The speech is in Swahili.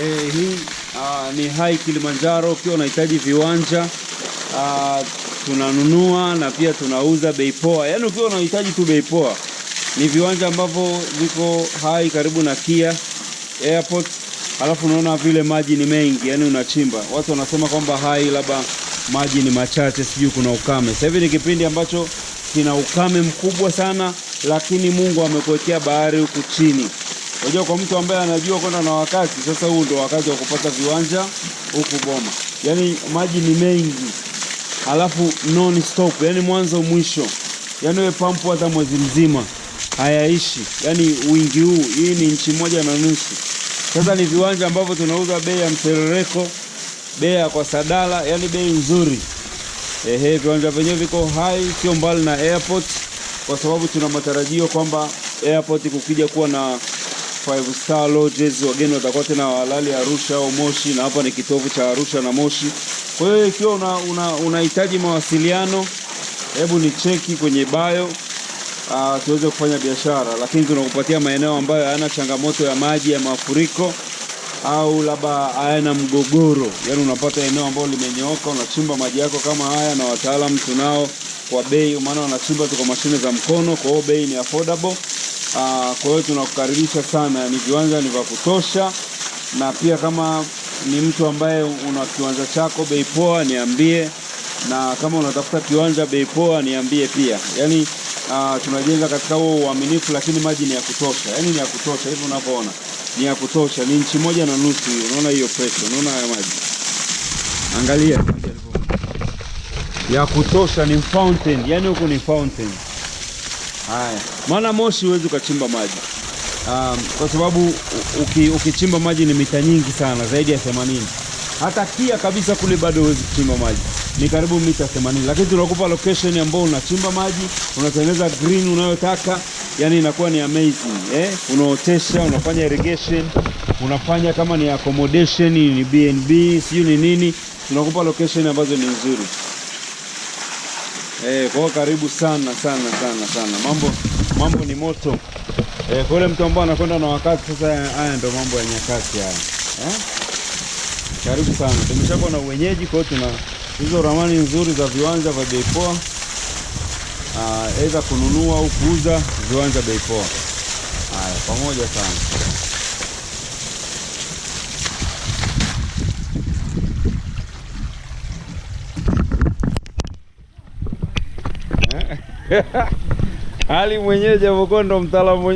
eh, hii ah, ni Hai Kilimanjaro. Ukiwa unahitaji viwanja ah, tunanunua na pia tunauza bei poa, yaani ukiwa unahitaji tu bei poa. Ni viwanja ambavyo viko Hai karibu na Kia Airport, alafu unaona vile maji ni mengi, yaani unachimba. Watu wanasema kwamba Hai labda maji ni machache, sijui kuna ukame. Sasa hivi ni kipindi ambacho kina ukame mkubwa sana, lakini Mungu amekuwekea bahari huku chini. Unajua, kwa mtu ambaye anajua kwenda na wakati, sasa huu ndio wakati wa kupata viwanja huku Boma, yaani maji ni mengi, halafu non stop, yaani mwanzo mwisho, yaani we pampu hata mwezi mzima hayaishi, yaani wingi huu. Hii ni inchi moja na nusu. Sasa ni viwanja ambavyo tunauza bei ya mserereko, bei ya kwa sadala, yaani bei nzuri. Ehe, viwanja vyenyewe viko hai, sio mbali na airport, kwa sababu tuna matarajio kwamba airport kukija kuwa na five star lodges. Wageni watakuwa tena walali Arusha au Moshi, na hapa ni kitovu cha Arusha na Moshi. Kwa hiyo ikiwa una, una, una mawasiliano, hebu ni cheki kwenye bio uh, tuweze kufanya biashara, lakini tunakupatia maeneo ambayo hayana changamoto ya maji ya mafuriko au labda hayana mgogoro. yaani unapata eneo ambalo limenyooka, unachimba maji yako kama haya, na wataalamu tunao kwa bei, maana wanachimba tu kwa mashine za mkono, kwa hiyo bei ni affordable. Ah, kwa hiyo tunakukaribisha sana, ni viwanja ni vya kutosha, na pia kama ni mtu ambaye una kiwanja chako bei poa, niambie, na kama unatafuta kiwanja bei poa, niambie pia. Yaani uh, tunajenga katika huo uaminifu, lakini maji ni ya kutosha, yaani ni ya kutosha hivi unavyoona, ni ya kutosha, ni nchi moja na nusu hiyo. Unaona hiyo pressure, unaona haya maji, angalia ya kutosha, ni fountain, yaani huko ni fountain. Haya. Maana Moshi huwezi ukachimba maji um, kwa sababu uki, ukichimba maji ni mita nyingi sana zaidi ya 80. Hata kia kabisa kule bado huwezi kuchimba maji, ni karibu mita 80, lakini tunakupa location ambayo unachimba maji, unatengeneza green unayotaka, yani inakuwa ni amazing eh? Unaotesha, unafanya irrigation, unafanya kama ni accommodation, ni BNB, sijui ni nini, tunakupa location ambazo ni nzuri. Eh, kwa karibu sana sana sana sana. Mambo mambo ni moto. Eh, kwa yule mtu ambaye anakwenda na wakati sasa, haya ndio mambo ya nyakati haya. Eh? Karibu sana. Tumeshakuwa na uwenyeji, kwa hiyo tuna hizo ramani nzuri za viwanja vya bei poa. Ah, aidha kununua au kuuza viwanja bei poa. Haya, pamoja sana. Ali mwenyewe japokuwa ndo mtaalamu